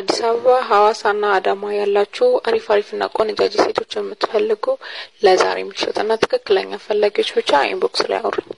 አዲስ አበባ፣ ሀዋሳ ሀዋሳና አዳማ ያላችሁ አሪፍ አሪፍ አሪፍና ቆንጃጅ ሴቶች የምትፈልጉ ለዛሬ ምሽት ምሽትና ትክክለኛ ፈላጊዎች ብቻ ኢንቦክስ ላይ አውሩኝ።